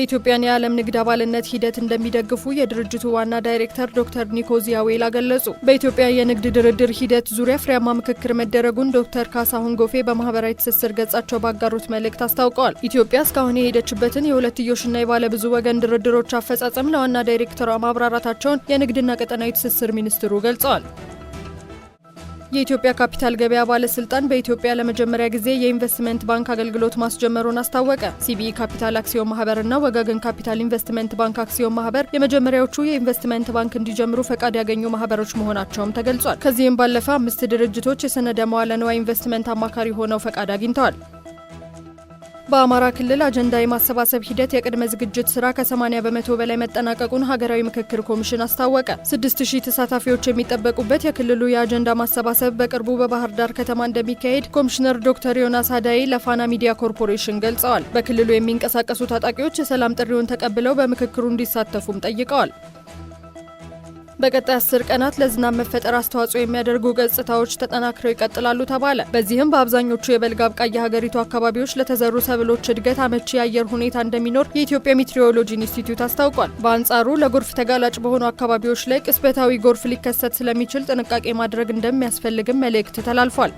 የኢትዮጵያን የዓለም ንግድ አባልነት ሂደት እንደሚደግፉ የድርጅቱ ዋና ዳይሬክተር ዶክተር ኒኮዚ አዌላ ገለጹ። በኢትዮጵያ የንግድ ድርድር ሂደት ዙሪያ ፍሬያማ ምክክር መደረጉን ዶክተር ካሳሁን ጎፌ በማህበራዊ ትስስር ገጻቸው ባጋሩት መልእክት አስታውቀዋል። ኢትዮጵያ እስካሁን የሄደችበትን የሁለትዮሽና የባለብዙ ወገን ድርድሮች አፈጻጸም ለዋና ዳይሬክተሯ ማብራራታቸውን የንግድና ቀጠናዊ ትስስር ሚኒስትሩ ገልጸዋል። የኢትዮጵያ ካፒታል ገበያ ባለስልጣን በኢትዮጵያ ለመጀመሪያ ጊዜ የኢንቨስትመንት ባንክ አገልግሎት ማስጀመሩን አስታወቀ። ሲቢኢ ካፒታል አክሲዮን ማህበርና ወጋገን ካፒታል ኢንቨስትመንት ባንክ አክሲዮን ማህበር የመጀመሪያዎቹ የኢንቨስትመንት ባንክ እንዲጀምሩ ፈቃድ ያገኙ ማህበሮች መሆናቸውም ተገልጿል። ከዚህም ባለፈ አምስት ድርጅቶች የሰነደ መዋለ ንዋይ ኢንቨስትመንት አማካሪ ሆነው ፈቃድ አግኝተዋል። በአማራ ክልል አጀንዳ የማሰባሰብ ሂደት የቅድመ ዝግጅት ስራ ከ80 በመቶ በላይ መጠናቀቁን ሀገራዊ ምክክር ኮሚሽን አስታወቀ። 6000 ተሳታፊዎች የሚጠበቁበት የክልሉ የአጀንዳ ማሰባሰብ በቅርቡ በባህር ዳር ከተማ እንደሚካሄድ ኮሚሽነር ዶክተር ዮናስ አዳይ ለፋና ሚዲያ ኮርፖሬሽን ገልጸዋል። በክልሉ የሚንቀሳቀሱ ታጣቂዎች የሰላም ጥሪውን ተቀብለው በምክክሩ እንዲሳተፉም ጠይቀዋል። በቀጣይ አስር ቀናት ለዝናብ መፈጠር አስተዋጽኦ የሚያደርጉ ገጽታዎች ተጠናክረው ይቀጥላሉ ተባለ። በዚህም በአብዛኞቹ የበልግ አብቃይ የሀገሪቱ አካባቢዎች ለተዘሩ ሰብሎች እድገት አመቺ የአየር ሁኔታ እንደሚኖር የኢትዮጵያ ሜትሮሎጂ ኢንስቲትዩት አስታውቋል። በአንጻሩ ለጎርፍ ተጋላጭ በሆኑ አካባቢዎች ላይ ቅስበታዊ ጎርፍ ሊከሰት ስለሚችል ጥንቃቄ ማድረግ እንደሚያስፈልግም መልእክት ተላልፏል።